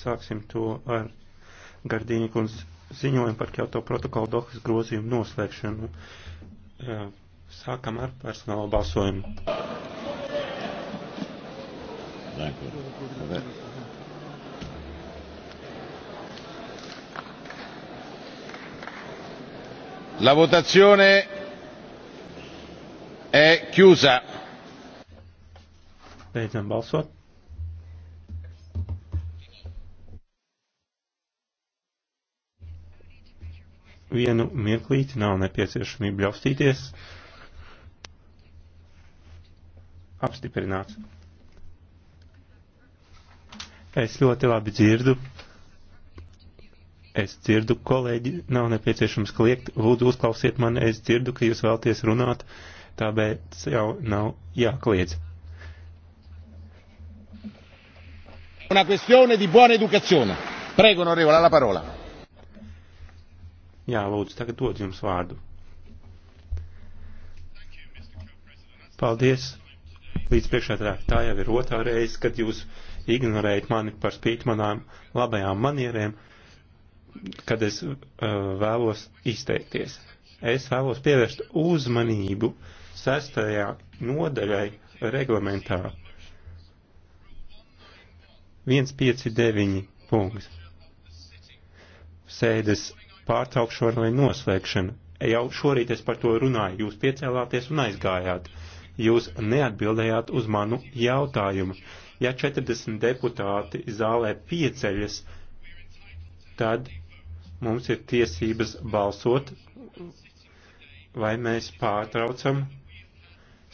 Sāksim to ar Gardīņa kundzes ziņojumu par Kyoto protokolu Dohas grozījumu noslēgšanu. Sākam ar personālu balsojumu. La votazione è chiusa. Beidzam balsot. vienu mirklīti, nav nepieciešamība ļaustīties. Apstiprināts. Es ļoti labi dzirdu. Es dzirdu, kolēģi, nav nepieciešams kliegt, lūdzu uzklausiet mani, es dzirdu, ka jūs vēlties runāt, tāpēc jau nav jākliedz. Una questione di buona educazione. Prego, onorevole, la parola. Jā, lūdzu, tagad dod jums vārdu. Paldies, līdz priekšētāk. Tā jau ir otrā reize, kad jūs ignorējat mani par spīt manām labajām manierēm, kad es uh, vēlos izteikties. Es vēlos pievērst uzmanību sestajā nodaļai reglamentā. 159 punkts. Sēdes pārtraukšu ar noslēgšanu. Jau šorīt es par to runāju, jūs piecēlāties un aizgājāt. Jūs neatbildējāt uz manu jautājumu. Ja 40 deputāti zālē pieceļas, tad mums ir tiesības balsot, vai mēs pārtraucam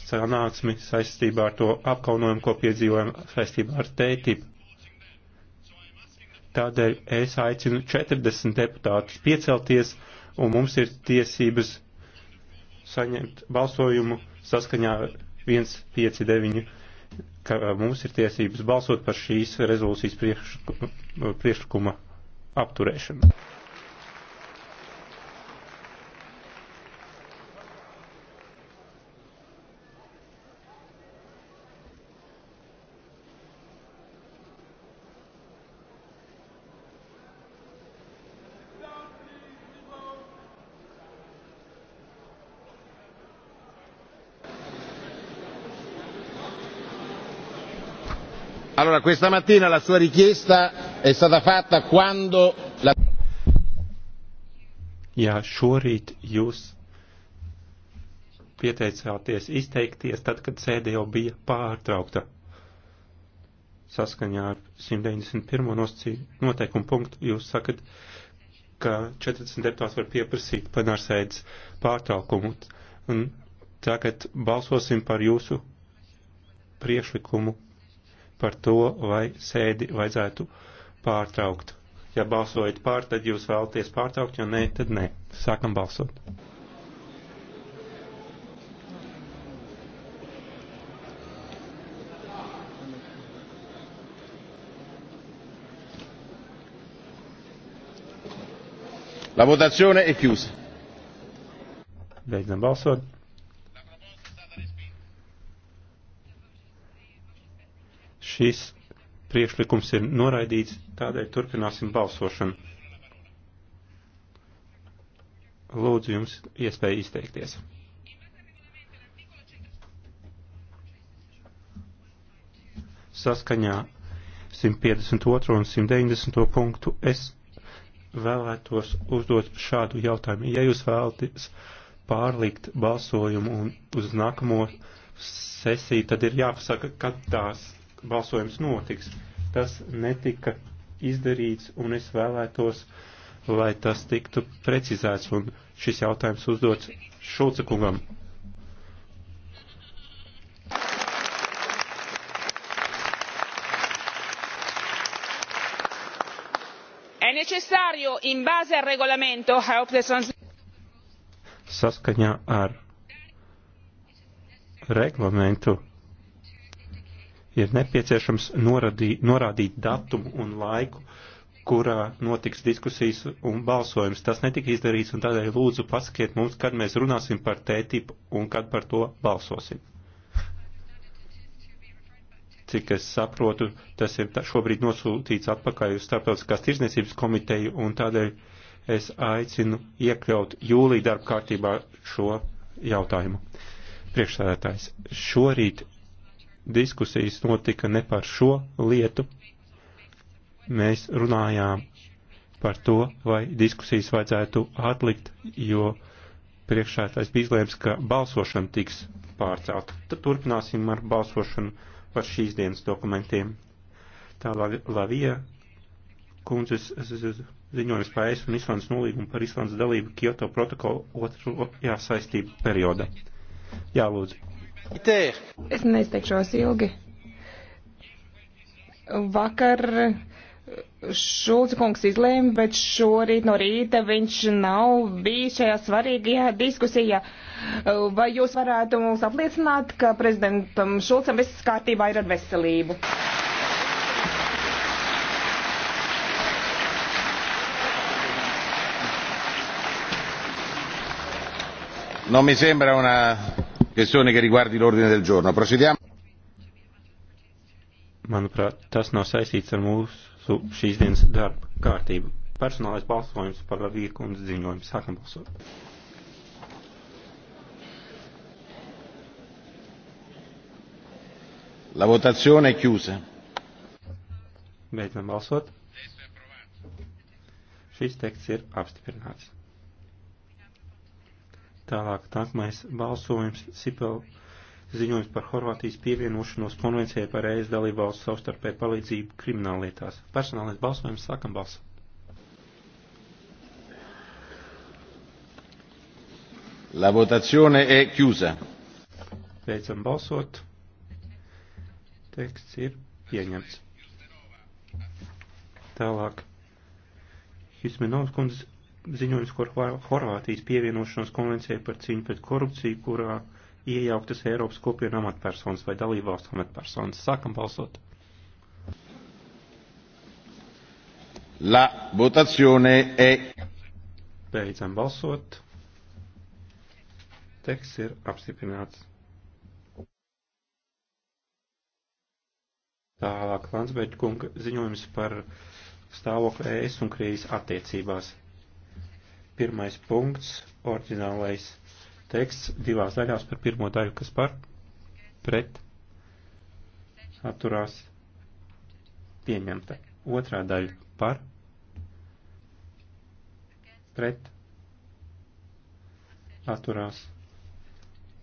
sanāksmi saistībā ar to apkaunojumu, ko piedzīvojam saistībā ar tētību. Tādēļ es aicinu 40 deputātus piecelties, un mums ir tiesības saņemt balsojumu saskaņā 159, ka mums ir tiesības balsot par šīs rezolūcijas priekš, priekšlikuma apturēšanu. allora questa mattina la sua richiesta è stata fatta quando la. Jā, šorīt jūs pieteicāties izteikties tad, kad sēde jau bija pārtraukta. Saskaņā ar 191. noteikumu punktu jūs sakat, ka 40 deputāti var pieprasīt plenārsēdes pārtraukumu. Un tagad balsosim par jūsu priešlikumu par to, vai sēdi vajadzētu pārtraukt. Ja balsojat pār, tad jūs vēlaties pārtraukt, ja nē, tad nē. Sākam balsot. La votazione è chiusa. Beidzam balsot. Šis priekšlikums ir noraidīts, tādēļ turpināsim balsošanu. Lūdzu, jums iespēja izteikties. Saskaņā 152 un 190 punktu es vēlētos uzdot šādu jautājumu. Ja jūs vēlaties pārlikt balsojumu un uz nākamo sesiju, tad ir jāpasaka, kad tās balsojums notiks. Tas netika izdarīts, un es vēlētos, lai tas tiktu precizēts, un šis jautājums uzdots Šulce kungam. È necessario, in base al regolamento, I hope the translation saskaņā ar reglamentu ir nepieciešams noradī, norādīt datumu un laiku, kurā notiks diskusijas un balsojums. Tas netika izdarīts, un tādēļ lūdzu pasakiet mums, kad mēs runāsim par tētību un kad par to balsosim. Cik es saprotu, tas ir šobrīd nosūtīts atpakaļ uz Startautiskās tirzniecības komiteju, un tādēļ es aicinu iekļaut jūlī darba kārtībā šo jautājumu. Priekšsēdētājs, šorīt diskusijas notika ne par šo lietu. Mēs runājām par to, vai diskusijas vajadzētu atlikt, jo priekšētais bija izlēms, ka balsošana tiks pārcelt. Tad turpināsim ar balsošanu par šīs dienas dokumentiem. Tā Lavija kundzes ziņojums par ES un Islandas nolīgumu par Islandas dalību Kyoto protokolu otru jāsaistību periodā. Jā, lūdzu. Es neizteikšos ilgi. Vakar Šulca kungs izlēma, bet šorīt no rīta viņš nav bijis šajā svarīgajā diskusijā. Vai jūs varētu mums apliecināt, ka prezidentam Šulcam viss kārtībā ir ar veselību? Non mi sembra una questione che riguardi l'ordine del giorno. Procediamo. Manuprāt, tas nav saistīts ar mūsu šīs dienas darba kārtību. Personālais balsojums par Lavīku un ziņojumu. Sākam balsot. La votazione è chiusa. Beidzam balsot. Šis teksts ir apstiprināts. Tālāk nākamais balsojums Sipel ziņojums par Horvātijas pievienošanos konvencijai par ES dalību valsts savstarpēju palīdzību krimināllietās. Personālais balsojums sākam balsot. La votazione è chiusa. Beidzam balsot. Teksts ir pieņemts. Tālāk. Hismenovs kundzes ziņojums par Horvātijas pievienošanos konvencijai par cīņu pret korupciju, kurā iejauktas Eiropas kopienu amatpersonas vai dalībvalstu amatpersonas. Sākam balsot. La votazione è. E. Beidzam balsot. Teksts ir apstiprināts. Tālāk Landsbeģa kunga ziņojums par stāvokli ES un Krievijas attiecībās. Pirmais punkts, oriģinālais teksts divās daļās par pirmo daļu, kas par pret atturās pieņemta. Otrā daļa par pret atturās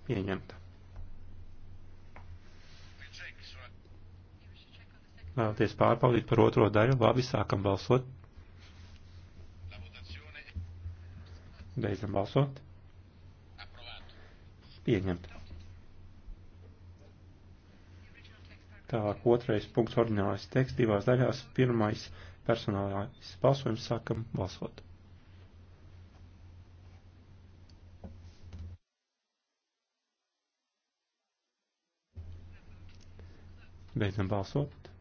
pieņemta. Vēlaties pārbaudīt par otro daļu? Labi, sākam balsot. Beidzam balsot. Pieņemt. Tālāk otrais punkts ordinālais teksts divās daļās. Pirmais personālais balsojums sākam balsot. Beidzam balsot.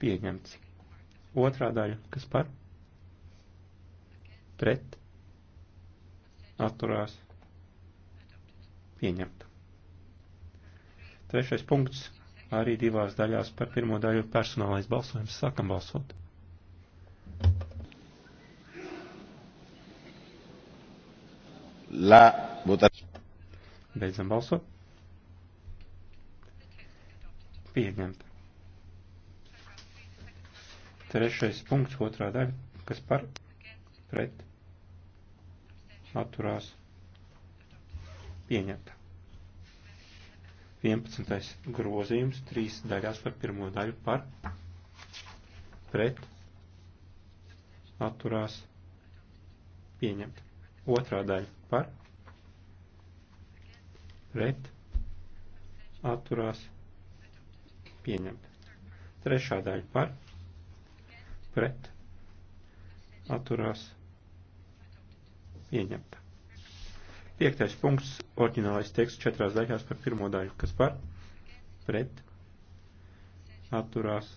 Pieņemts. Otrā daļa, kas par? pret, atturās, pieņemta. Trešais punkts arī divās daļās par pirmo daļu personālais balsojums. Sākam balsot. La votación. Beidzam balsot. Pieņemta. Trešais punkts, otrā daļa, kas par pret atturās pieņemta. 11. grozījums trīs daļās par pirmo daļu par pret atturās pieņemta. Otrā daļa par pret atturās pieņemta. Trešā daļa par pret atturās pieņemta Pieņemta. Piektais punkts, oriģinālais teksts četrās daļās par pirmo daļu, kas par pret atturās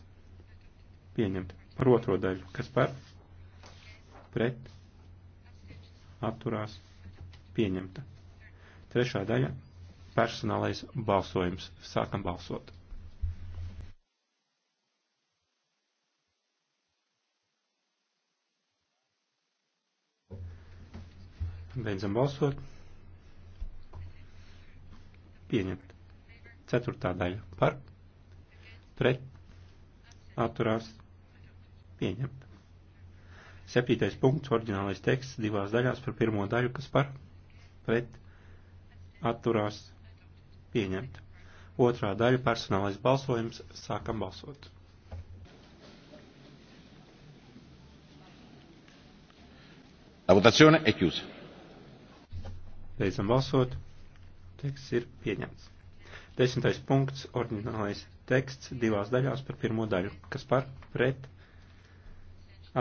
pieņemt. Par otro daļu, kas par pret atturās pieņemta. Trešā daļa - personālais balsojums. Sākam balsot. Beidzam balsot. Pieņemt. Ceturtā daļa par, pret, atturās, pieņemt. Septītais punkts, oriģinālais teksts divās daļās par pirmo daļu, kas par, pret, atturās, pieņemt. Otrā daļa personālais balsojums, sākam balsot. La votazione è chiusa. Beidzam balsot. Teksts ir pieņemts. Desmitais punkts, ordinālais teksts divās daļās par pirmo daļu, kas par pret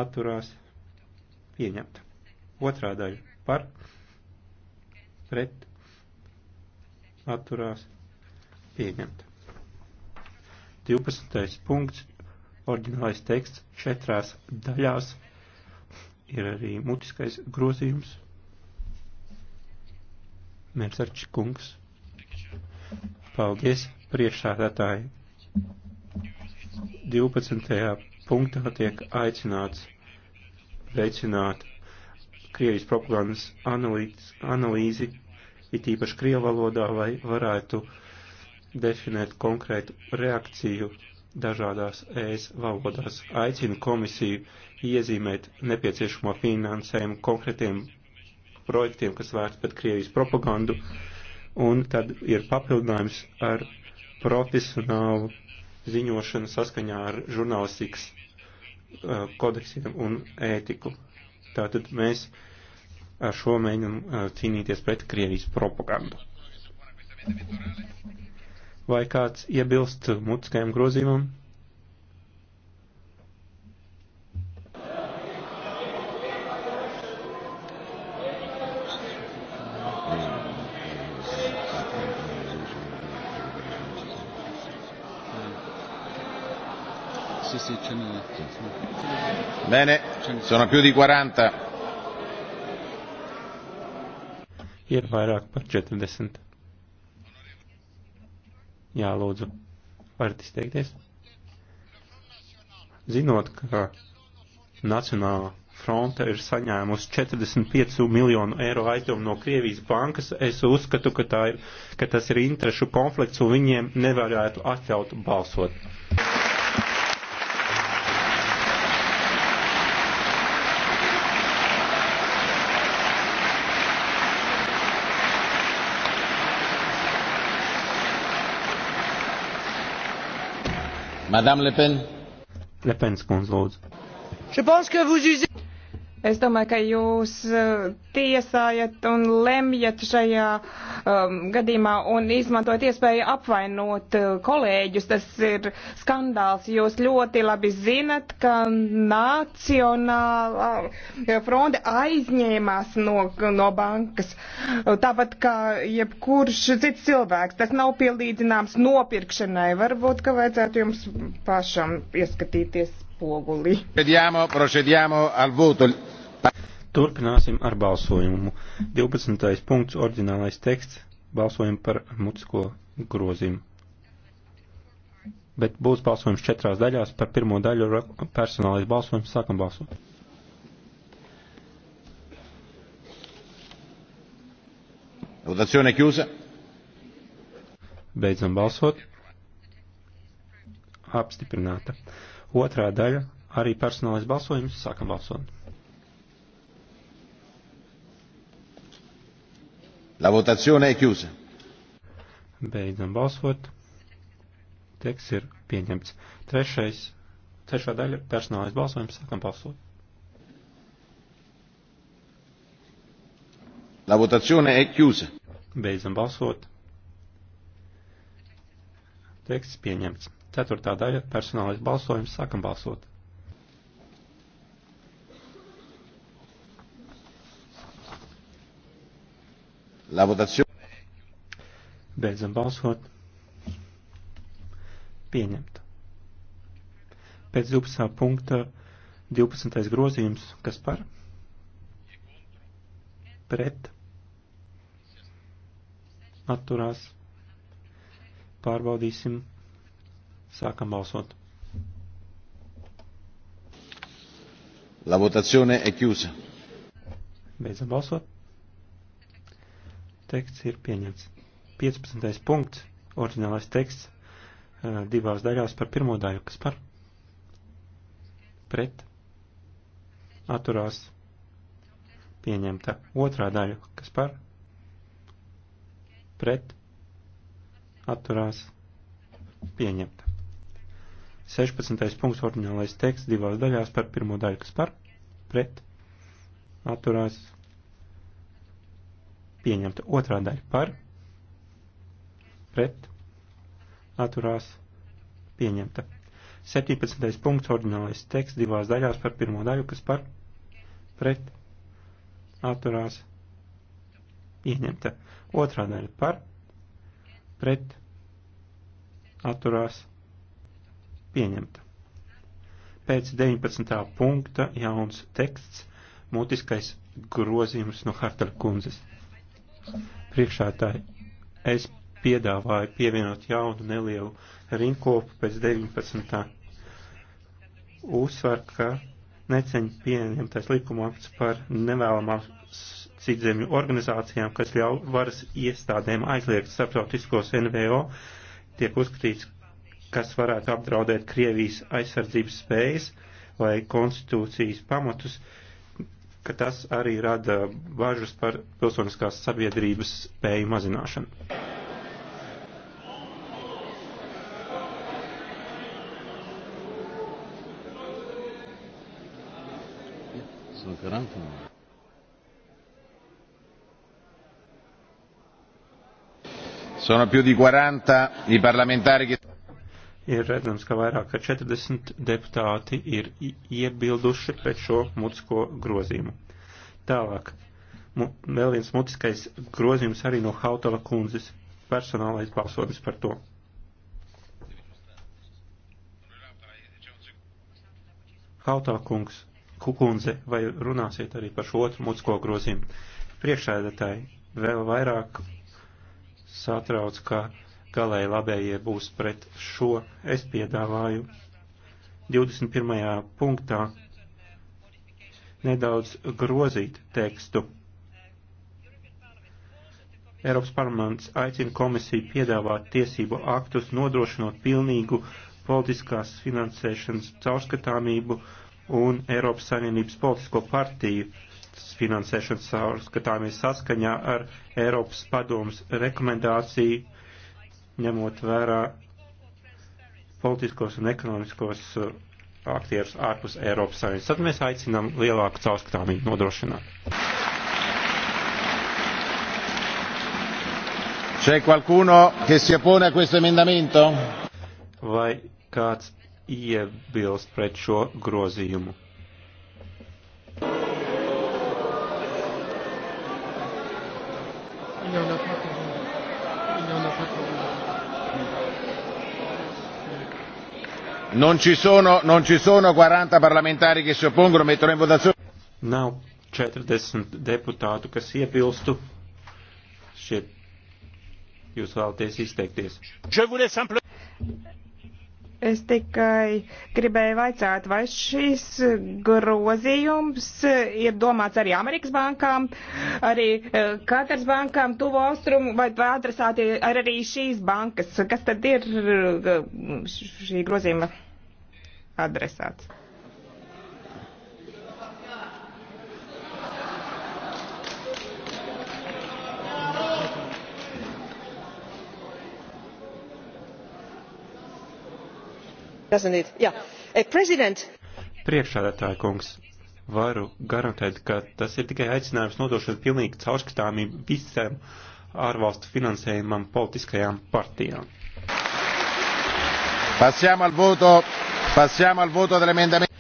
atturās pieņemta. Otrā daļa par pret atturās pieņemta. 12. punkts, ordinālais teksts četrās daļās ir arī mutiskais grozījums. Mērcerči kungs. Paldies, priekšsādātāji. 12. punktā tiek aicināts veicināt Krievijas propagandas analīzi, analīzi it īpaši Krievu valodā, lai varētu definēt konkrētu reakciju dažādās ES valodās. Aicinu komisiju iezīmēt nepieciešamo finansējumu konkrētiem projektiem, kas vērts pret Krievijas propagandu, un tad ir papildinājums ar profesionālu ziņošanu saskaņā ar žurnālistikas uh, kodeksiem un ētiku. Tātad mēs ar šo mēģinam uh, cīnīties pret Krievijas propagandu. Vai kāds iebilst mutiskajam grozījumam? sì, ce n'è. Bene, sono più di 40. Ir vairāk par 40. Jā, lūdzu, varat izteikties. Zinot, ka Nacionālā fronte ir saņēmusi 45 miljonu eiro aizdevumu no Krievijas bankas, es uzskatu, ka, ir, ka tas ir interešu konflikts un viņiem nevarētu atļaut balsot. Madame Le Pen. Le Pen, skundz, lūdzu. Es domāju, ka jūs eh, tiesājat un lemjat šajā um, gadījumā un izmantojat iespēju apvainot eh, kolēģus. Tas ir skandāls. Jūs ļoti labi zinat, ka Nacionālā eh, fronte aizņēmās no, no bankas. Tāpat kā jebkurš cits cilvēks. Tas nav pielīdzināms nopirkšanai. Varbūt, ka vajadzētu jums pašam ieskatīties oguli. Procediamo, procediamo al voto. Turpināsim ar balsojumu. 12. punkts, oriģinālais teksts. Balsojam par mutisko grozījumu. Bet būs balsojums četrās daļās. Par pirmo daļu personālais balsojums sākam balsot. Votazione chiusa. Beidzam balsot. Apstiprināta. Otrā daļa - arī personālais balsojums. Sākam balsot. La votazione è chiusa. Beidzam balsot. Teksts ir pieņemts. Trešais, trešā daļa - personālais balsojums. Sākam balsot. La votazione è chiusa. Beidzam balsot. Teksts pieņemts. Ceturtā daļa - personālais balsojums. Sākam balsot. La votazione. Beidzam balsot. Pieņemta. Pēc 12. punkta 12. grozījums, kas par? Pret. Atturās. Pārbaudīsim. Sākam balsot. La votazione è chiusa. Beidzam balsot. Teksts ir pieņemts. 15. punkts, oriģinālais teksts, eh, divās daļās par pirmo daļu, kas par pret atturās pieņemta. Otrā daļa, kas par pret atturās pieņemta. 16. punkts orģinālais teksts divās daļās par pirmo daļu, kas par pret atturās pieņemta otrā daļa par pret atturās pieņemta. 17. punkts orģinālais teksts divās daļās par pirmo daļu, kas par pret atturās pieņemta. Otrā daļa par pret atturās pieņemta pieņemta. Pēc 19. punkta jauns teksts, mutiskais grozījums no Hartala kundzes. Priekšētāji, es piedāvāju pievienot jaunu nelielu rinkopu pēc 19. uzsver, ka neceņ pieņemtais likuma akts par nevēlamām citzemju organizācijām, kas ļauj varas iestādēm aizliegt starptautiskos NVO, tiek uzskatīts kas varētu apdraudēt Krievijas aizsardzības spējas vai konstitūcijas pamatus, ka tas arī rada bažas par pilsoniskās sabiedrības spēju mazināšanu. Garantējumi. Sono più di 40 i parlamentari che ir redzams, ka vairāk kā 40 deputāti ir iebilduši pret šo mutisko grozījumu. Tālāk, mu, vēl viens mutiskais grozījums arī no Hautala kundzes personālais balsojums par to. Hautala kungs, kukundze, vai runāsiet arī par šo otru mutisko grozījumu? Priekšēdētāji vēl vairāk satrauc, ka galēji labējie būs pret šo. Es piedāvāju 21. punktā nedaudz grozīt tekstu. Eiropas parlaments aicina komisiju piedāvāt tiesību aktus, nodrošinot pilnīgu politiskās finansēšanas caurskatāmību un Eiropas Savienības politisko partiju finansēšanas caurskatāmību saskaņā ar Eiropas padomus rekomendāciju ņemot vērā politiskos un ekonomiskos uh, aktierus ārpus Eiropas Savienības. Tad mēs aicinām lielāku caurskatāmību nodrošināt. C'è qualcuno che si oppone a questo emendamento? Vai kāds iebilst pret šo grozījumu? Non ci sono, non ci sono 40 parlamentari che si oppongono, metterò in votazione. Nav 40 deputātu, kas iebilstu. Šķiet, jūs vēlaties izteikties. Es tikai gribēju vaicāt, vai šis grozījums ir domāts arī Amerikas bankām, arī eh, Katars bankām, tuvo austrumu, vai, vai adresāti ar arī šīs bankas. Kas tad ir eh, šī grozījuma adresāts? Eh, Priekšādātāja kungs, varu garantēt, ka tas ir tikai aicinājums nodošot pilnīgi caurskatāmību visiem ārvalstu finansējumam politiskajām partijām. Passiamo al voto, passiamo al voto dell'emendamento.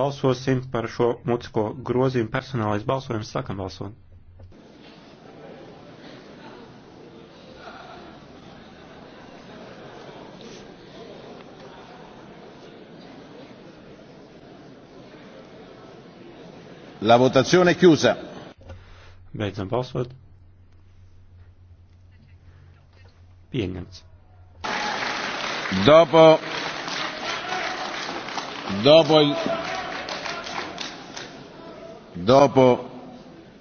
Balsosim par šo mucko grozījumu personālais balsojums, sākam balsot. La votazione è chiusa. Beidzam balsot. Pieņemts. Dopo, dopo, dopo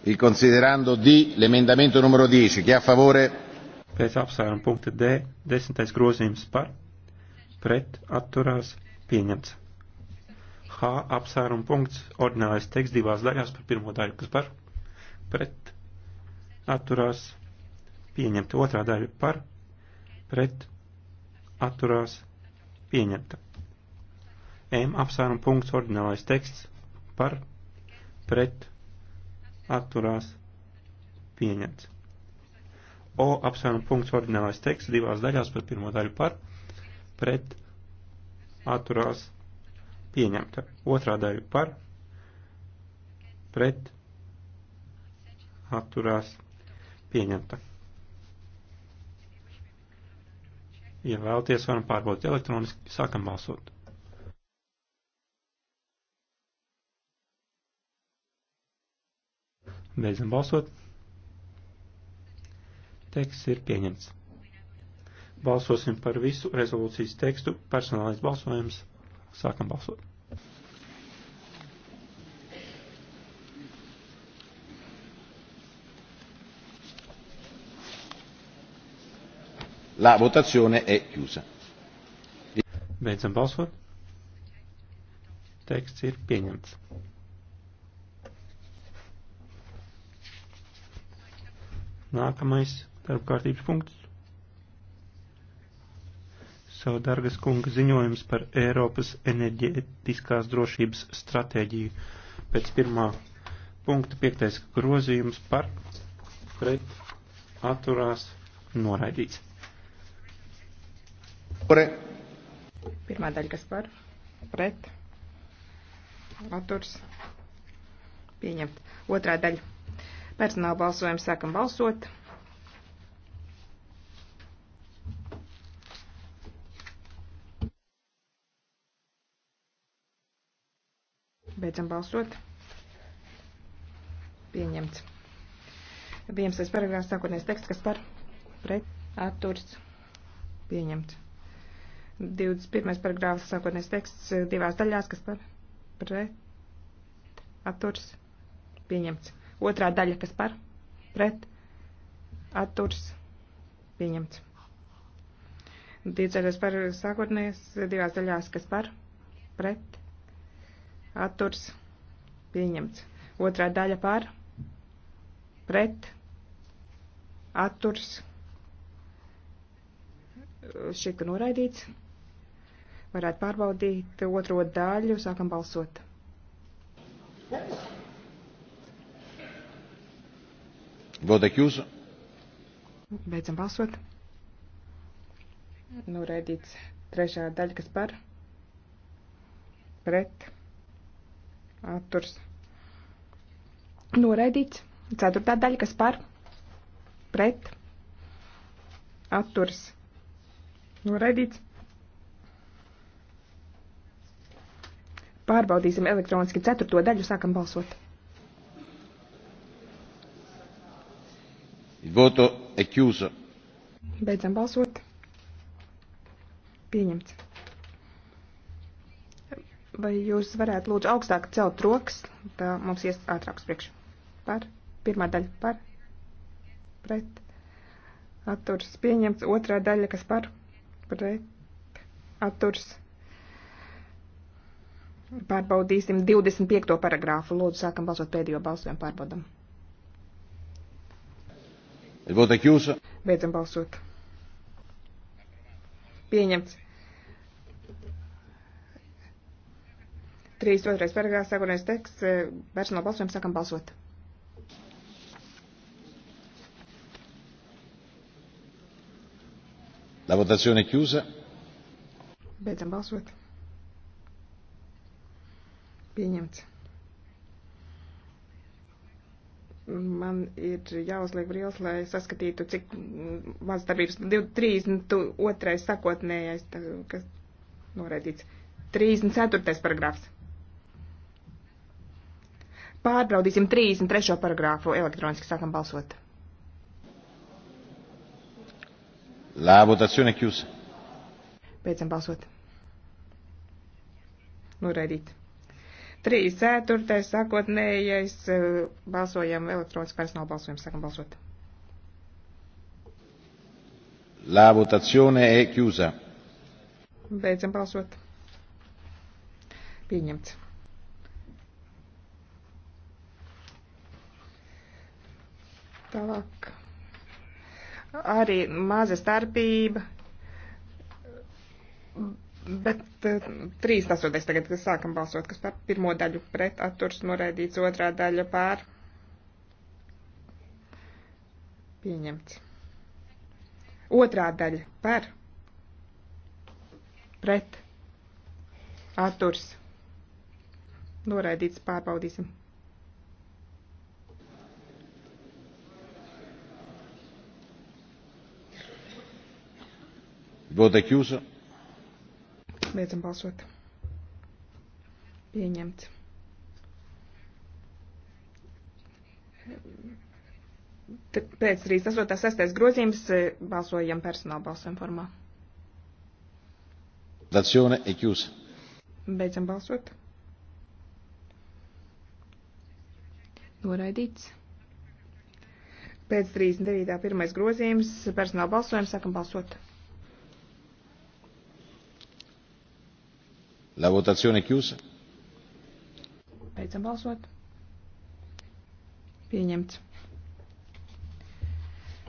il considerando D l'emendamento numero 10, chi è a favore? Pēc apsvēruma punkta D, desmitais grozījums par, pret, atturās, pieņemts. H apsvērumu punkts, ordinālais teksts divās daļās par pirmo daļu, kas par pret atturās pieņemta, otrā daļa par pret atturās pieņemta. M apsvērumu punkts, ordinālais teksts par pret atturās pieņemts. O apsvērumu punkts, ordinālais teksts divās daļās par pirmo daļu par pret atturās pieņemta pieņemta. Otrā daļa par, pret, atturās, pieņemta. Ja vēlaties, varam pārbaudīt elektroniski, sākam balsot. Beidzam balsot. Teksts ir pieņemts. Balsosim par visu rezolūcijas tekstu. Personālais balsojums. Sākam balsot. La votazione è chiusa. Beidzam balsot. Teksts ir pieņemts. Nākamais darbkārtības punkts savu dargas kunga ziņojums par Eiropas enerģētiskās drošības stratēģiju. Pēc pirmā punkta piektais grozījums par pret atturās noraidīts. Pre. Pirmā daļa, kas par pret atturs pieņemt. Otrā daļa. Personāla balsojums sākam balsot. Beidzam balsot. Pieņemts. 11. paragrāfs sākotnējais teksts, kas par pret atturs pieņemts. 21. paragrāfs sākotnējais teksts divās daļās, kas par pret atturs pieņemts. Otrā daļa, kas par pret atturs pieņemts. 20. paragrāfs sākotnējais divās daļās, kas par pret atturs pieņemts. Otrā daļa par pret atturs šķiet, ka noraidīts. Varētu pārbaudīt otro daļu, sākam balsot. Vodek jūs. Beidzam balsot. Noraidīts trešā daļa, kas par pret atturs noraidīts. Ceturtā daļa, kas par pret atturs noraidīts. Pārbaudīsim elektroniski ceturto daļu, sākam balsot. Il voto è chiuso. Beidzam balsot. Pieņemts. Vai jūs varētu lūdzu augstāk celt rokas, ka mums ies ātrāks priekš? Par. Pirmā daļa par. Pret. Atturs pieņemts. Otrā daļa, kas par. Pret. Atturs. Pārbaudīsim 25. paragrāfu. Lūdzu, sākam balsot pēdējo balsojumu pārbaudam. Beidzam balsot. Pieņemts. 32. paragrāfs, sākotnējais teksts, personāla eh, balsojums, sākam balsot. La votazione è chiusa. Beidzam balsot. Pieņemts. Man ir jāuzliek brīvs, lai saskatītu, cik mm, maz darbības. 32. sakotnējais, kas noraidīts. 34. paragrāfs. Pārbraudīsim 33. paragrāfu elektroniski sākam balsot. La votazione chiusa. Beidzam balsot. Noraidīt. 3, 4, sākotnējais, eh, balsojam elektroniski personāla balsojumu, sākam balsot. La votazione è chiusa. Beidzam balsot. Pieņemts. Tālāk. Arī maza starpība. Bet 3.8. Eh, tagad, kas sākam balsot, kas par pirmo daļu pret atturs noraidīts, otrā daļa pār pieņemts. Otrā daļa par pret atturs noraidīts, pārbaudīsim. Voto chiuso. Beidzam balsot. Pieņemts. Tad pēc 3.8.6. grozījums eh, balsojam personāla balsojuma formā. Dazione e chiusa. Beidzam balsot. Noraidīts. Pēc 39.1. grozījums personāla balsojuma sākam balsot. La votazione è chiusa. Beidzam balsot. Pieņemts.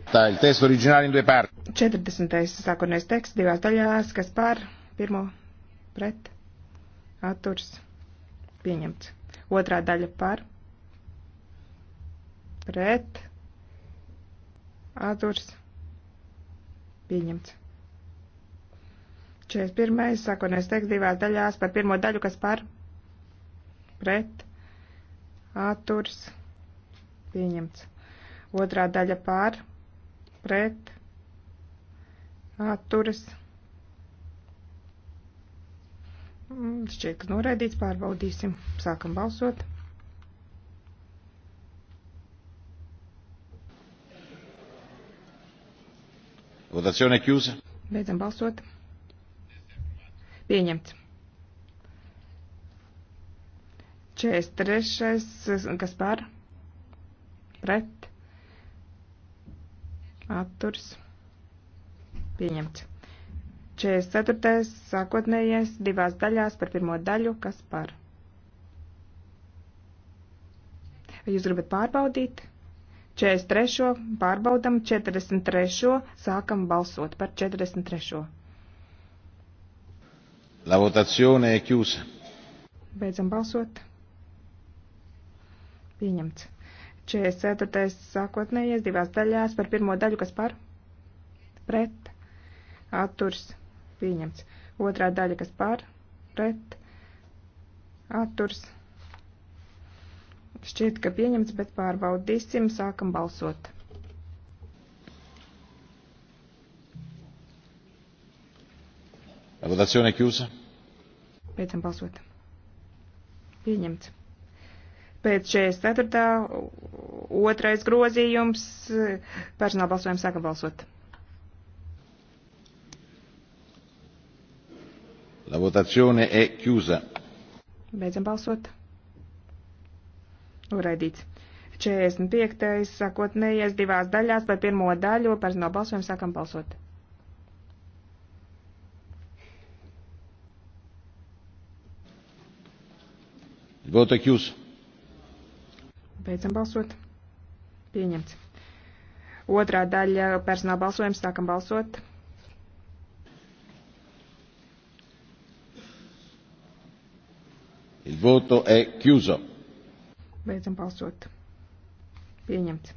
Tā ir teksts oriģināli in due parti. 40. sākotnējais teksts divās daļās, kas par pirmo pret atturs pieņemts. Otrā daļa par pret atturs pieņemts. 41. sākotnēs teksts divās daļās par pirmo daļu, kas par pret atturs pieņemts. Otrā daļa par pret atturs. Mm, šķiet, ka noraidīts, pārbaudīsim. Sākam balsot. Votazione chiusa. Beidzam balsot. Pieņemts. 43. Kas par? Pret. Atturs. Pieņemts. 44. Sākotnējais divās daļās par pirmo daļu. Kas par? Vai jūs gribat pārbaudīt? 43. pārbaudam 43. sākam balsot par 43. La votazione è chiusa. Beidzam balsot. Pieņemts. 44. sākotnējies divās daļās par pirmo daļu, kas par? Pret. Atturs. Pieņemts. Otrā daļa, kas par? Pret. Atturs. Šķiet, ka pieņemts, bet pārbaudīsim, sākam balsot. La votazione è chiusa. Beidzam balsot. Pieņemts. Pēc 44. otrais grozījums personāla balsojums sākam balsot. La votazione è chiusa. Beidzam balsot. Uraidīts. 45. sākotnējais divās daļās vai pirmo daļu personāla balsojumu sākam balsot. Il voto è chiuso. Beidzam balsot. Pieņemts. Otrā daļa personāla balsojums. Sākam balsot. Il voto è chiuso. Beidzam balsot. Pieņemts.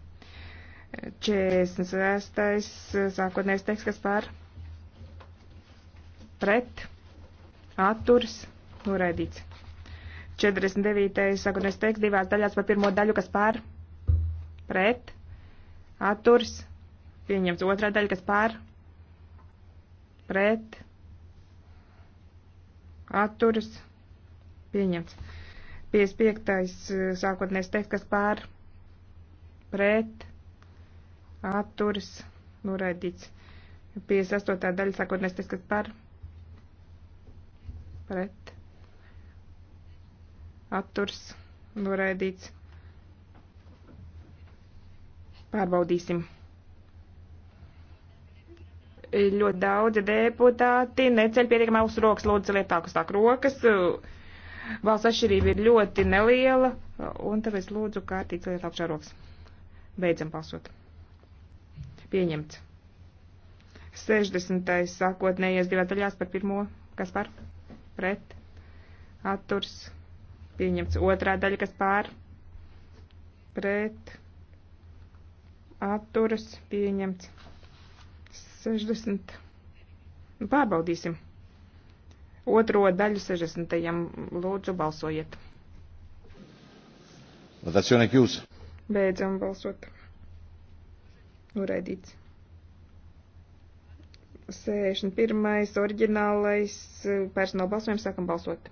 46. sākotnējais teksts, kas pār pret, atturs, noraidīts. 49. sākotnēs teksts divās daļās par pirmo daļu, kas pār, pret, atturs, pieņemts otrā daļa, kas pār, pret, atturs, pieņemts. 55. Eh, sākotnēs teksts, kas pār, pret, atturs, noraidīts. 58. daļa sākotnēs teksts, kas pār, pret, atturs noraidīts. Pārbaudīsim. Ļoti daudzi deputāti neceļ pietiekamā uz rokas, lūdzu, liet augstāk rokas. Valsts atšķirība ir ļoti neliela, un tāpēc lūdzu kārtīgi liet augšā rokas. Beidzam balsot. Pieņemts. 60. sākotnējais divās daļās par pirmo. Kas par? Pret. Atturs pieņemts. Otrā daļa, kas pār, pret, atturas, pieņemts. 60. Nu, pārbaudīsim. Otro daļu 60. Lūdzu, balsojiet. Votazione chiusa. Beidzam balsot. Noraidīts. 61. oriģinālais personāla balsojums sākam balsot.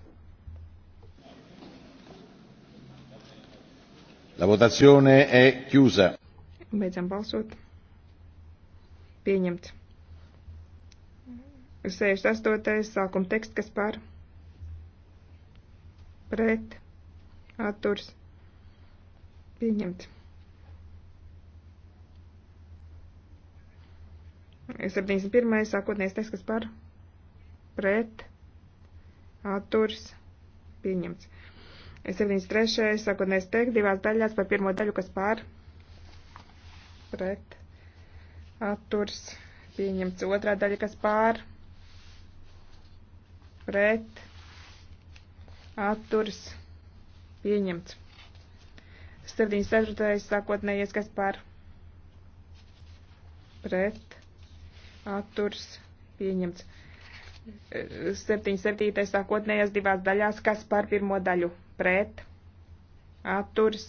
La votazione è chiusa. Beidzam balsot. Pieņemts. 68. sākuma teksts, kas par pret atturs pieņemts. 71. sākotnējais teksts, kas par pret atturs pieņemts. 73. sākotnēs teikt divās daļās par pirmo daļu, kas pār pret atturs pieņemts otrā daļa, kas pār pret atturs pieņemts. 74. sākotnējies, kas pār pret atturs pieņemts. 77. sākotnējās divās daļās, kas pār pirmo daļu pret atturs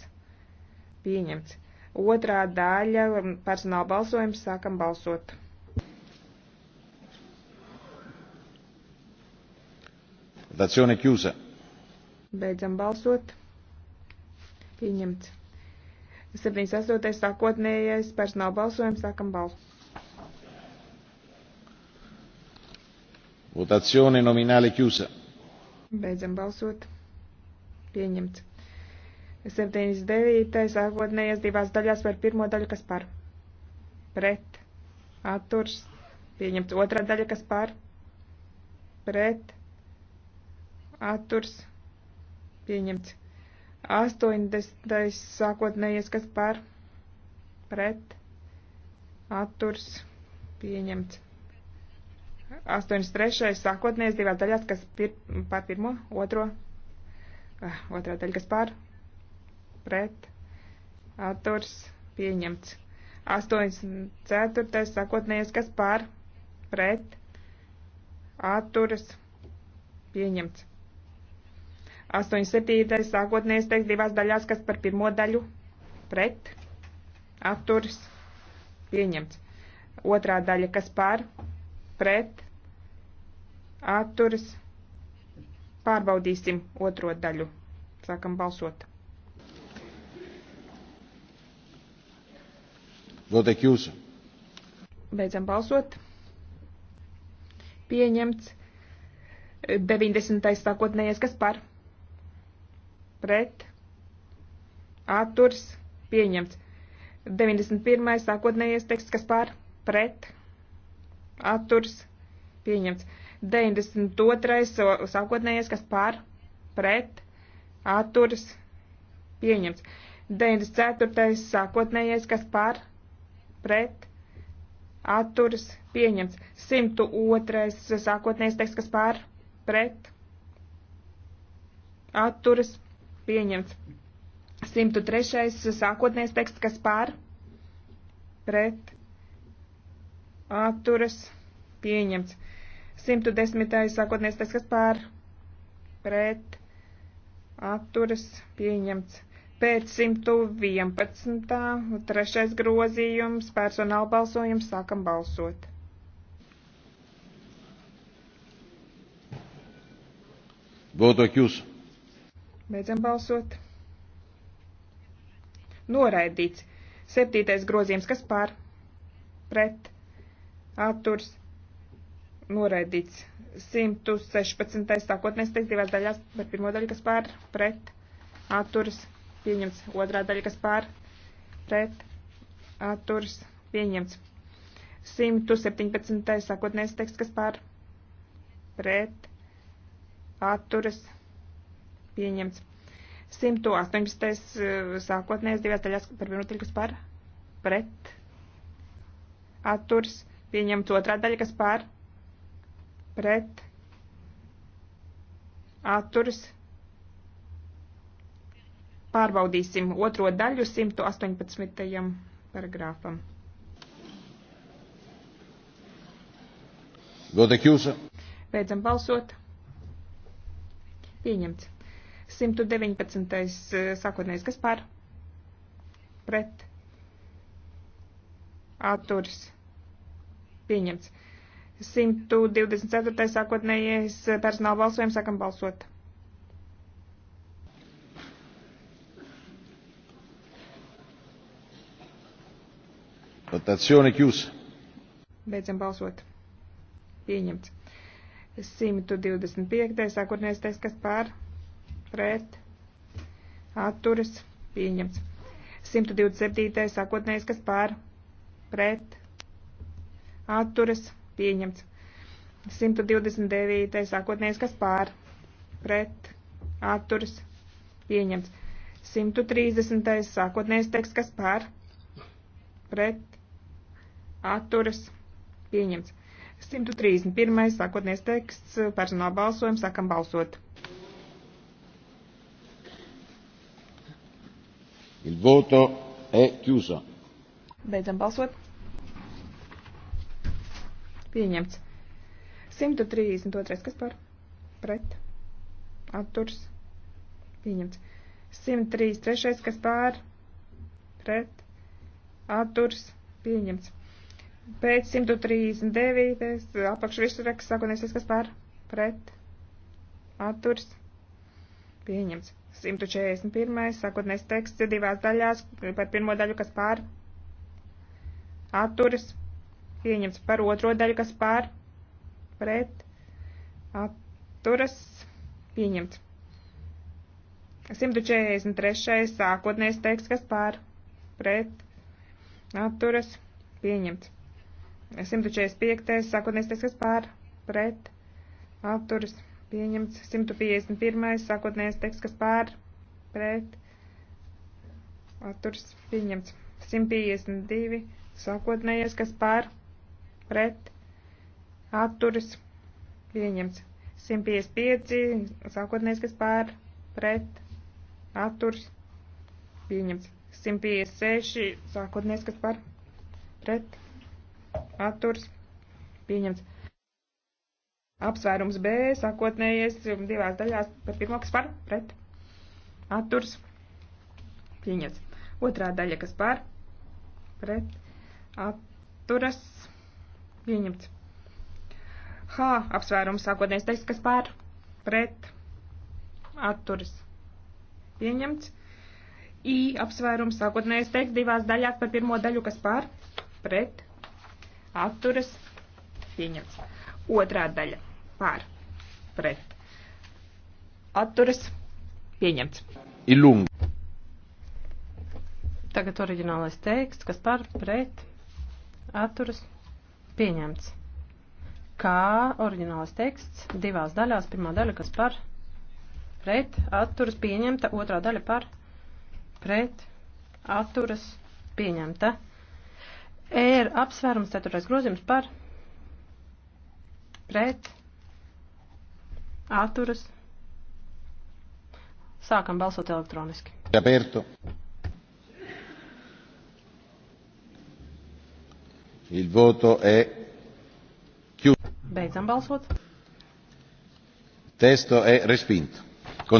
pieņemts. Otrā daļa personāla balsojums sākam balsot. Votazione chiusa. Beidzam balsot. Pieņemts. 78. sākotnējais personāla balsojums sākam balsot. Votazione nominale chiusa. Beidzam balsot. Pieņemts. 79. sākotnējais divās daļās par pirmo daļu, kas par. Pret. Atturs. Pieņemts otrā daļa, kas par. Pret. Atturs. Pieņemts. 80. sākotnējais, kas par. Pret. Atturs. Pieņemts. 83. sākotnējais divās daļās, kas pir par pirmo, otro, Ah, otrā daļa, kas par, pret, atturs, pieņemts. 84. sākotnējais, kas par, pret, atturas, pieņemts. 87. sākotnējais teksts divās daļās, kas par pirmo daļu, pret, atturas, pieņemts. Otrā daļa, kas par, pret, atturas, pieņemts Pārbaudīsim otro daļu. Sākam balsot. Votiek jūsu. Beidzam balsot. Pieņemts 90. sākotnējais, kas par pret atturs pieņemts. 91. sākotnējais teksts, kas par pret atturs pieņemts. 92. sākotnējais, kas par, pret, atturas, pieņemts. 94. sākotnējais, kas par, pret, atturas, pieņemts. 102. sākotnējais teksts, kas par, pret, atturas, pieņemts. 103. sākotnējais teksts, kas par, pret, atturas, pieņemts. 110. sākotnēs tas, kas pār pret atturas pieņemts. Pēc 111. trešais grozījums personāla balsojums sākam balsot. Voto chiuso. Beidzam balsot. Noraidīts. Septītais grozījums, kas pār pret atturs noraidīts 116. sākotnēs teiks divās daļās par pirmo daļu, kas pār, pret, atturas, pieņemts. Otrā daļa, kas pār, pret, atturas, pieņemts. 117. sākotnēs teiks, kas pār, pret, atturas, pieņemts. 118. sākotnēs divās daļās par pirmo daļu, kas pār, pret, atturas, pieņemts. Otrā daļa, kas pār, pret, pret atturas. Pārbaudīsim otro daļu 118. paragrāfam. Godekjūsa. Beidzam balsot. Pieņemts. 119. Eh, sākotnējais kas pār? Pret. Atturs. Pieņemts. 124. sākotnējais personāla balsojums, sākam balsot. Votazione chiusa. Beidzam balsot. Pieņemts. 125. sākotnējais teiks, kas pār, pret, atturas, pieņemts. 127. sākotnējais, kas pār, pret, atturas, pieņemts pieņemts. 129. sākotnējais, kas pār, pret, atturas, pieņemts. 130. sākotnējais teksts, kas pār, pret, atturas, pieņemts. 131. sākotnējais teksts, personāla balsojums, sākam balsot. Il voto è chiuso. Beidzam balsot. Pieņemts. 132. Kas par? Pret. Atturs. Pieņemts. 133. Kas par? Pret. Atturs. Pieņemts. Pēc 139. apakšvirsraksts sākotnēsies, kas par? Pret. Atturs. Pieņemts. 141. sākotnēs teksts divās daļās par pirmo daļu, kas pār atturas pieņemts par otro daļu, kas pār pret atturas pieņemts. 143. sākotnējais teksts, kas pār pret atturas pieņemts. 145. sākotnējais teksts, kas pār pret atturas pieņemts. 151. sākotnējais teksts, kas pār pret atturas pieņemts. 152. sākotnējais, kas pār pret pret atturas pieņemts. 155 sākotnējais, kas pār pret atturas pieņemts. 156 sākotnējais, kas pār pret atturas pieņemts. Apsvērums B sākotnējais divās daļās par pirmo, kas par pret atturs pieņemts. Otrā daļa, kas par pret atturas Pieņemts. H. Apsvērums sākotnējais teksts, kas pār pret atturas. Pieņemts. I. Apsvērums sākotnējais teksts divās daļās par pirmo daļu, kas pār pret atturas. Pieņemts. Otrā daļa pār pret atturas. Pieņemts. Ilung. Tagad oriģinālais teksts, kas par pret atturas pieņemts. Kā oriģināls teksts divās daļās, pirmā daļa, kas par pret atturas pieņemta, otrā daļa par pret atturas pieņemta. E ir apsvērums, ceturtais grozījums par pret atturas. Sākam balsot elektroniski. Aperto. Il voto è chiuso. Beidzam balsot. Testo è respinto. Con...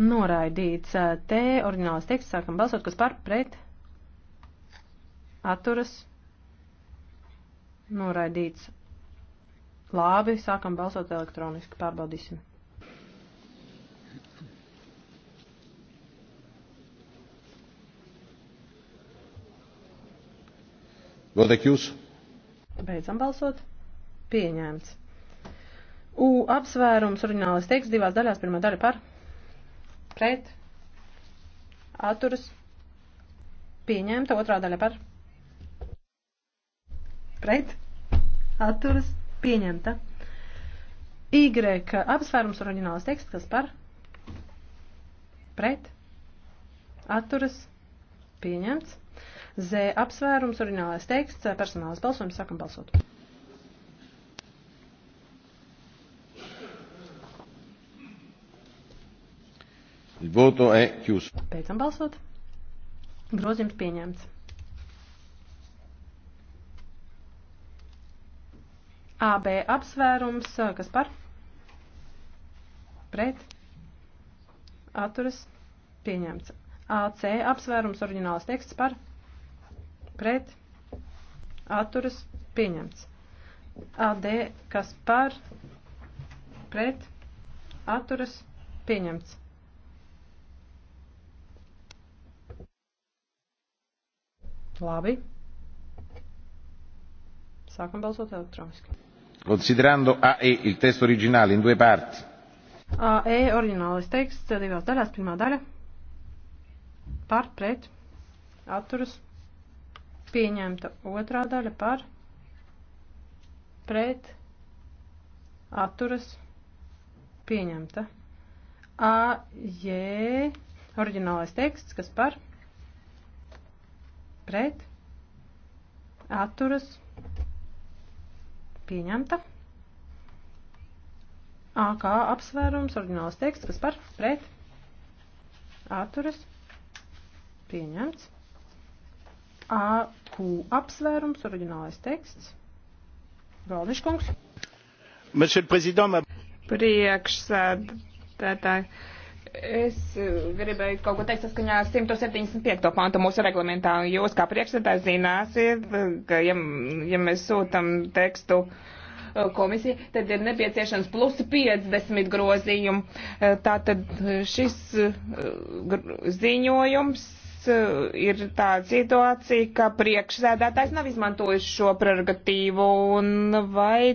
Noraidīts eh, T, oriģinālais teksts, sākam balsot, kas par pret atturas. Noraidīts. Labi, sākam balsot elektroniski, pārbaudīsim. Notiek jūs? Beidzam balsot. Pieņēmts. U apsvērums oriģinālais teksts divās daļās. Pirmā daļa par. Pret. Atturas. Pieņēmta. Otrā daļa par. Pret. Atturas. Pieņemta. Y apsvērums oriģinālais teksts, kas par. Pret. Atturas. Pieņemts. Z apsvērums, orinālais teksts, personālais balsojums, sākam balsot. Il voto è chiuso. Beidzam balsot. Grozījums pieņemts. AB apsvērums, kas par? Pret. Atturas. Pieņemts. AC apsvērums, oriģināls teksts par? pret, atturas, pieņemts. AD, kas par, pret, atturas, pieņemts. Labi. Sākam balsot elektroniski. Considerando AE il testo originale in due parti. AE oriģinālais teksts divās daļās. Pirmā daļa par, pret, atturas, pieņemts Pieņemta otrā daļa par pret atturas pieņemta. A, J, oriģinālais teksts, kas par pret atturas pieņemta. AK apsvērums, oriģināls teksts, kas par pret atturas pieņemts. A Q apsvērums, oriģinālais teksts. Galniškungs. Priekšsēdētāji. Es eh, gribēju kaut ko teikt saskaņā ar 175. pantu mūsu reglamentā. Jūs kā priekšsēdētājs zināsiet, ka ja, ja mēs sūtam tekstu eh, komisija, tad ir nepieciešams plus 50 grozījumu. Eh, tātad šis ziņojums Uh, ir tāda situācija, ka priekšsēdētājs nav izmantojis šo prerogatīvu, un vai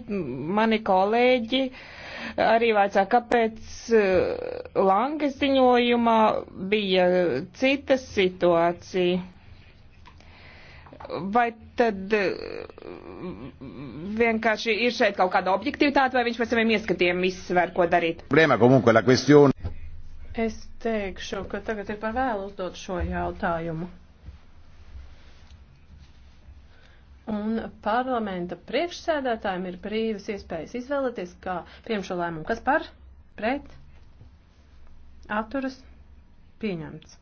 mani kolēģi arī vajadzā, kāpēc uh, Langas ziņojumā bija cita situācija? Vai tad uh, vienkārši ir šeit kaut kāda objektivitāte, vai viņš par saviem ieskatiem izsver, ko darīt? Problēma, comunque, la questione. Es teikšu, ka tagad ir par vēlu uzdot šo jautājumu. Un parlamenta priekšsēdētājiem ir brīvas iespējas izvēlēties, kā pieņem šo lēmumu. Kas par? Pret? Atturas? Pieņemts.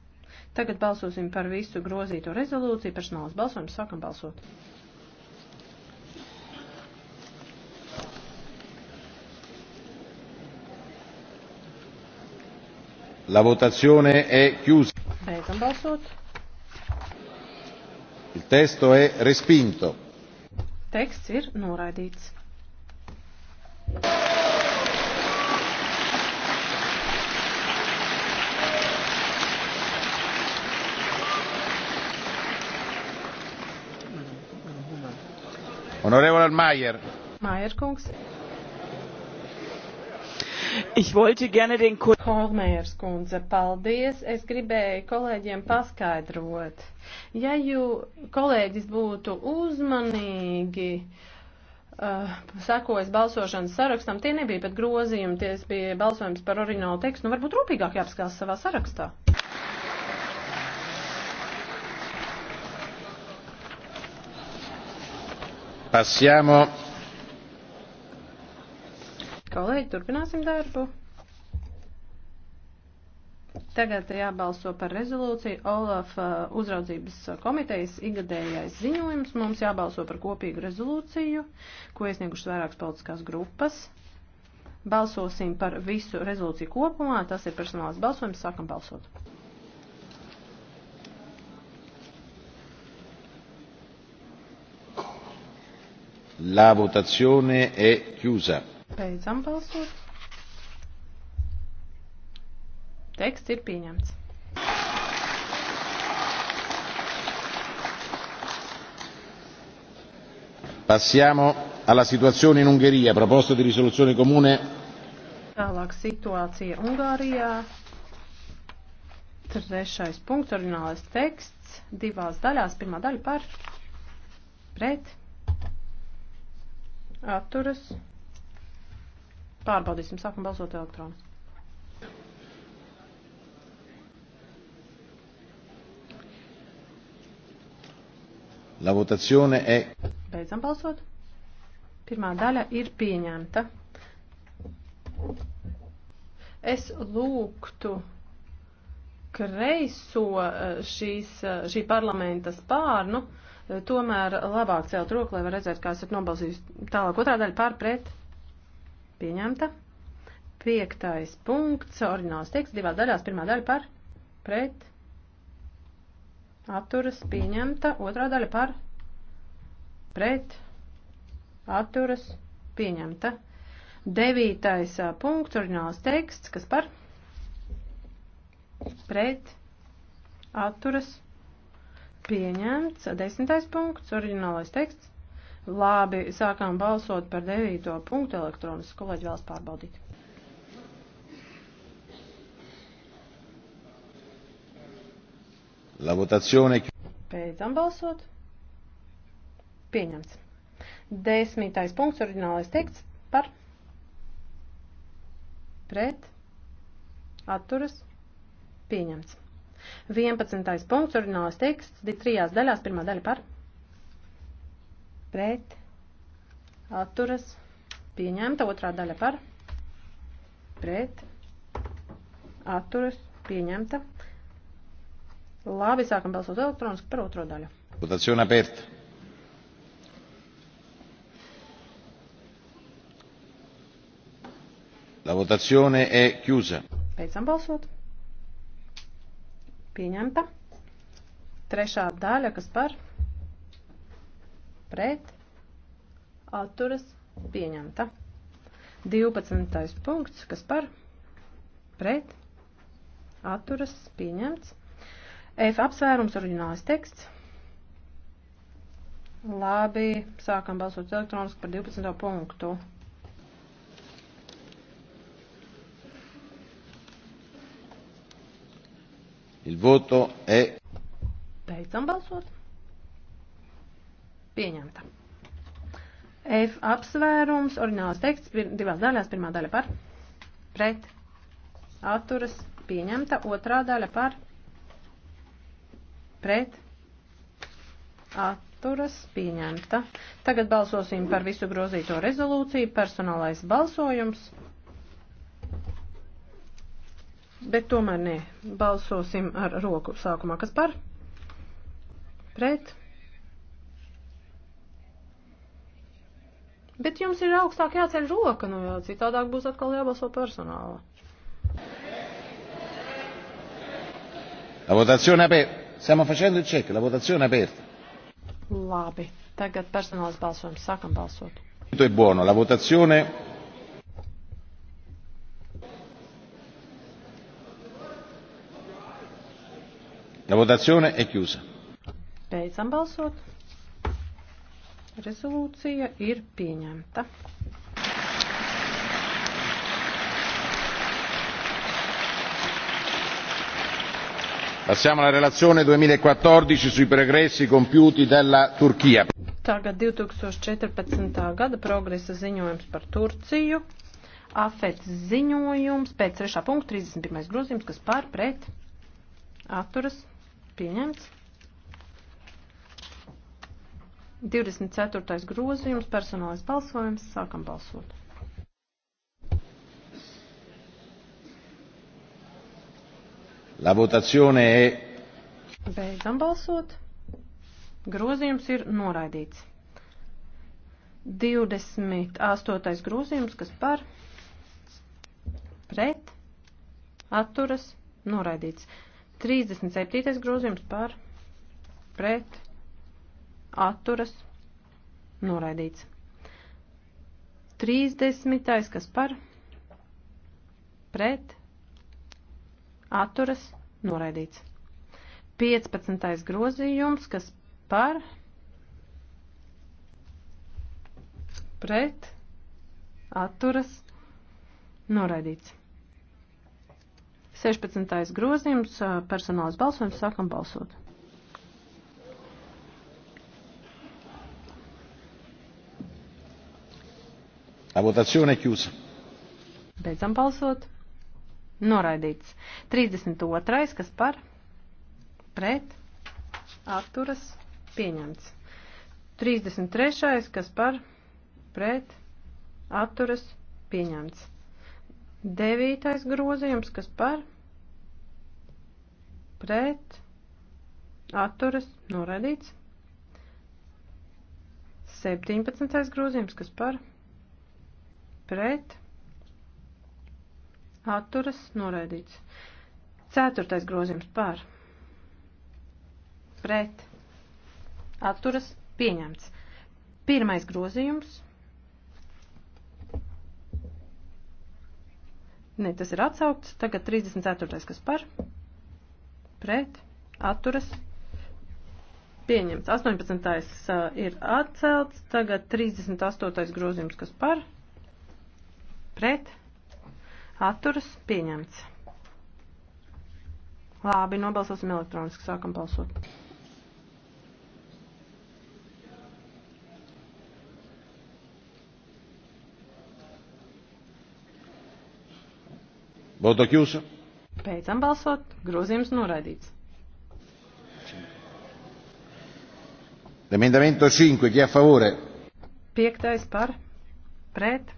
Tagad balsosim par visu grozīto rezolūciju. Personāls balsojums sākam balsot. La votazione è chiusa. Beidzam balsot. Il testo è respinto. Teksts ir noraidīts. Onorevole Maier. Maier kungs. Ich wollte gerne den Kolmērs kundze, paldies. Es gribēju kolēģiem paskaidrot. Ja jū kolēģis būtu uzmanīgi, uh, sakojas balsošanas sarakstam, tie nebija pat grozījumi, tie bija balsojums par orinālu tekstu, nu varbūt rūpīgāk jāapskās savā sarakstā. Passiamo Kolēģi, turpināsim darbu. Tagad jābalso par rezolūciju Olaf uh, uzraudzības komitejas igadējais ziņojums. Mums jābalso par kopīgu rezolūciju, ko iesniegušas vairākas politiskās grupas. Balsosim par visu rezolūciju kopumā. Tas ir personāls balsojums. Sākam balsot. La votazione è chiusa. Beidzam balsot. Teksts ir pieņemts. Passiamo alla situazione in Ungheria, proposta di risoluzione comune. Tālāk situācija Ungārijā. Trešais punkts, orinālais teksts, divās daļās. Pirmā daļa par, pret, atturas. Pārbaudīsim, sākam balsot elektroniski. La votazione è. Beidzam balsot. Pirmā daļa ir pieņemta. Es lūgtu kreiso eh, šīs, eh, šī parlamenta spārnu, eh, tomēr labāk celt roku, lai var redzēt, kā esat nobalsījis tālāk. Otrā daļa pārpret. Pieņemta. Piektais punkts, oriģināls teksts, divās daļās, pirmā daļa par, pret, atturas, pieņemta, otrā daļa par, pret, atturas, pieņemta. Devītais punkts, oriģināls teksts, kas par, pret, atturas, pieņemts. Desmitais punkts, oriģinālais teksts Labi, sākām balsot par devīto punktu elektronisku. Kolēģi vēlas pārbaudīt. La votazione. Beidzam balsot. Pieņemts. Desmitais punkts, oriģinālais teksts par pret atturas pieņemts. 11. punkts, oriģinālais teksts, trijās daļās, pirmā daļa par pret, atturas, pieņemta. Otrā daļa par, pret, atturas, pieņemta. Labi, sākam balsot elektroniski par otro daļu. Votazione aperta. La votazione è chiusa. Beidzam balsot. Pieņemta. Trešā daļa, kas par? pret, atturas, pieņemta. 12. punkts, kas par, pret, atturas, pieņemts. F apsvērums, oriģinālais teksts. Labi, sākam balsot elektroniski par 12. punktu. Il voto è. Beidzam balsot. Pieņemta. F apsvērums, oriģināls teksts, divās daļās, pirmā daļa par, pret, atturas, pieņemta, otrā daļa par, pret, atturas, pieņemta. Tagad balsosim par visu grozīto rezolūciju, personālais balsojums, bet tomēr nē, balsosim ar roku sākumā, kas par, pret, Bet jums ir augstāk jāceļ roka, nu jā, citādāk būs atkal jābalso personāla. La votazione aperta. Stiamo facendo il check, la votazione aperta. Labi, tagad personāls balsojums, sākam balsot. È buono, la votazione La votazione è chiusa. Beidzam balsot. Rezolūcija ir pieņemta. Passiamo alla relazione 2014 sui progressi compiuti dalla Turchia. Tagad 2014. gada progresa ziņojums par Turciju. Afets ziņojums pēc 3. punkta 31. grozījums, kas pār pret atturas pieņemts. 24. grozījums, personālais balsojums, sākam balsot. La votazione è. Beidzam balsot. Grozījums ir noraidīts. 28. grozījums, kas par pret atturas noraidīts. 37. grozījums par pret atturas noraidīts. 30. kas par pret atturas noraidīts. 15. grozījums, kas par pret atturas noraidīts. 16. grozījums, personāls balsojums, sākam balsot. La votazione è chiusa. Beidzam balsot. Noraidīts. 32. kas par? Pret. Atturas. Pieņemts. 33. kas par? Pret. Atturas. Pieņemts. 9. grozījums kas par? Pret. Atturas. Noraidīts. 17. grozījums kas par? Pret pret, atturas, noraidīts. Ceturtais grozījums par, pret, atturas, pieņemts. Pirmais grozījums. Nē, tas ir atsaukts. Tagad 34. kas par, pret, atturas, pieņemts. 18. Uh, ir atcelts, tagad 38. grozījums, kas par, pret pret, atturas, pieņemts. Labi, nobalsosim elektroniski, sākam balsot. Voto chiuso. Beidzam balsot. Grozījums noraidīts. Emendamento 5, chi a favore? Piektais par, pret,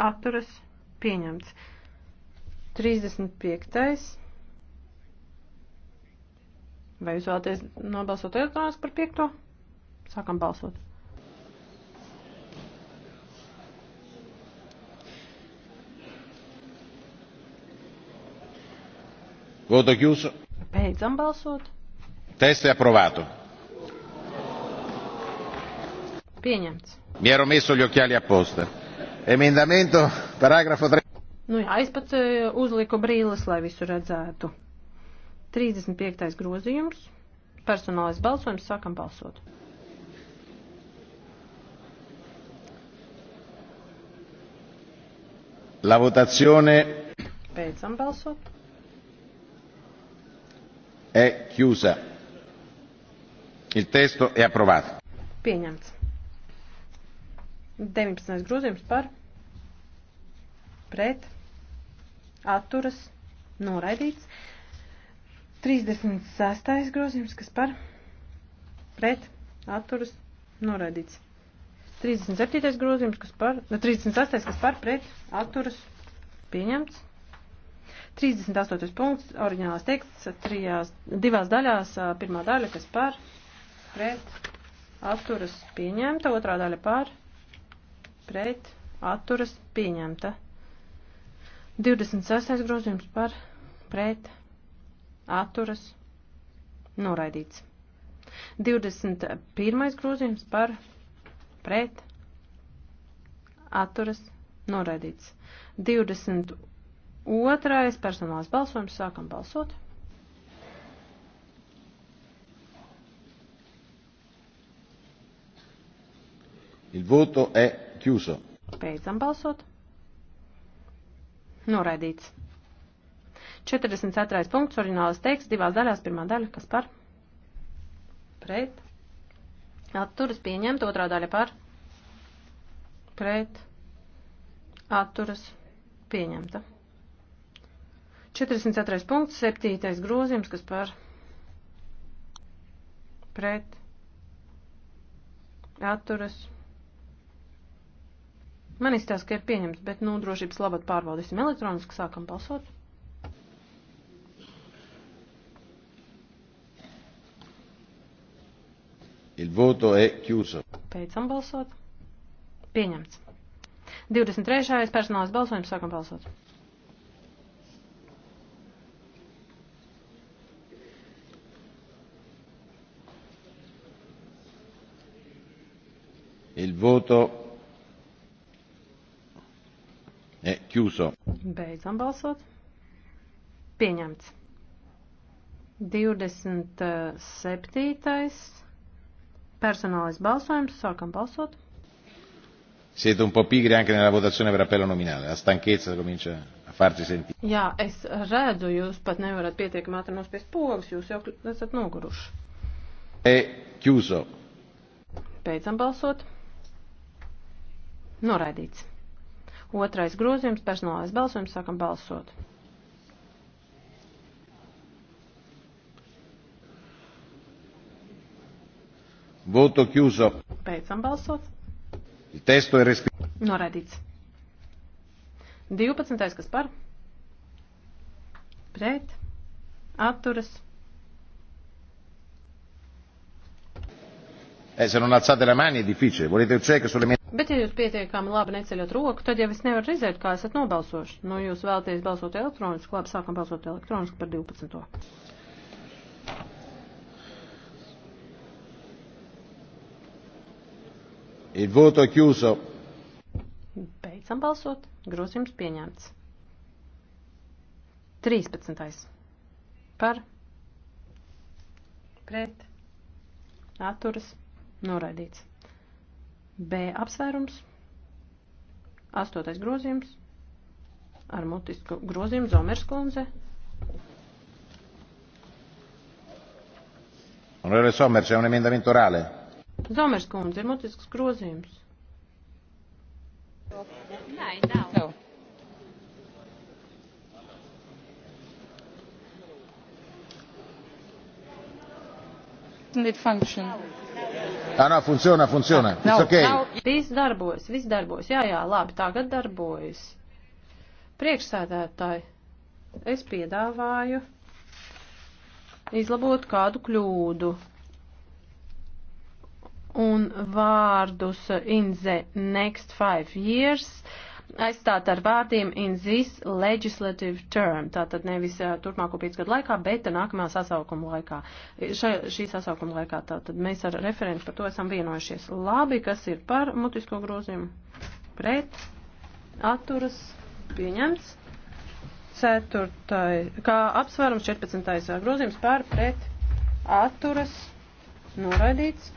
atturas pieņemts. 35. Vai jūs vēlaties nobalsot elektroniski par 5? Sākam balsot. Voto chiuso. Beidzam balsot. Testo è approvato. Pieņemts. Mi ero messo gli occhiali apposta emendamento, paragrafu 3. Nu jā, es pat e, uzliku brīles, lai visu redzētu. 35. grozījums. Personālais balsojums. Sākam balsot. La votazione. Beidzam balsot. È chiusa. Il testo è approvato. Pieņemts. 19. grozījums par pret atturas noraidīts. 36. grozījums, kas par pret atturas noraidīts. 37. grozījums, kas par, ne, 36. kas par pret atturas pieņemts. 38. punkts, oriģinālās teksts, trijās, divās daļās, pirmā daļa, kas par pret atturas pieņemta, otrā daļa par pret atturas pieņemta. 26. grozījums par pret atturas noraidīts. 21. grozījums par pret atturas noraidīts. 22. personāls balsojums sākam balsot. Il voto è Chiuso. Beidzam balsot. Noraidīts. 44. punkts, oriģinālais teksts, divās daļās, pirmā daļa, kas par? Pret. Atturas pieņemt, otrā daļa par? Pret. Atturas pieņemta. 44. punkts, 7. grozījums, kas par? Pret. Atturas pieņemta Man izstāsta, ka ir pieņemts, bet, nu, drošības labad pārbaudīsim elektroniski, sākam balsot. Il voto è chiuso. Beidzam balsot. Pieņemts. 23. personālais balsojums, sākam balsot. Il voto E, chiuso. Beidzam balsot. Pieņemts. 27. personālais balsojums. Sākam balsot. Siete un po' pigri anche nella votazione per appello nominale. La stanchezza comincia a farsi sentire. Jā, es redzu, jūs pat nevarat pietiekami ātri nospiest pogas, jūs jau esat noguruši. E chiuso. Beidzam balsot. Noraidīts. Otrais grozījums, personālais balsojums, sākam balsot. Voto chiuso. Beidzam balsot. Il testo è respinto. Noraidīts. 12. kas par? Pret. Atturas. Eh, se non alzate la mano è difficile. Volete un check sulle mie... Bet, ja jūs pietiekami labi neceļat roku, tad jau es nevaru redzēt, kā esat nobalsojuši. Nu, jūs vēlaties balsot elektroniski, labi, sākam balsot elektroniski par 12. Il voto chiuso. Beidzam balsot. Grozījums pieņemts. 13. Par. Pret. Atturas. Noraidīts. B apsvērums, 8. grozījums, ar mutisku grozījumu Zomers kundze. Onorevole Sommer, c'è un emendamento orale. Zomers kundze, ir mutisks grozījums. Nē, nav. No. it function? Tā ah, nav funkcionā, funkcionā. No, okay. no. Viss darbojas, viss darbojas. Jā, jā, labi, tagad darbojas. Priekšsēdētāji, es piedāvāju izlabot kādu kļūdu. Un vārdus in the next five years uh, aizstāt ar vārdiem in this legislative term, tātad nevis turpmāko piecu gadu laikā, bet nākamā sasaukuma laikā. Šai, šī sasaukuma laikā tātad mēs ar referentu par to esam vienojušies. Labi, kas ir par mutisko grozījumu? Pret, atturas, pieņemts. Ceturtai, kā apsvērums 14. grozījums par pret, atturas, noraidīts.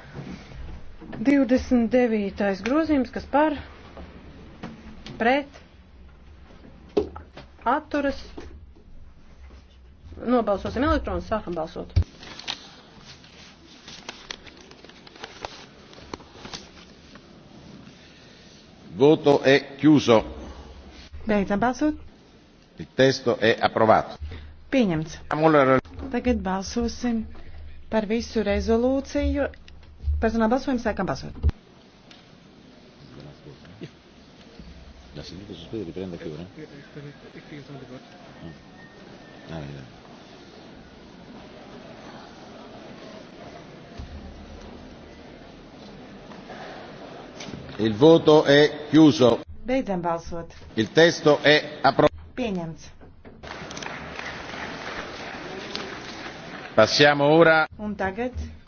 29. grozījums, kas par pret, atturas, nobalsosim elektronu, sākam balsot. Voto è chiuso. Beidzam balsot. Il testo è approvato. Pieņemts. Tagad balsosim par visu rezolūciju. Personāla balsojumu sākam balsot. la seduta sospesa riprende a che ora? Ah, vediamo. Ah, Il voto è chiuso. Beidzam balsot. Il testo è approvato. Pieņemts. Passiamo ora. Un tagad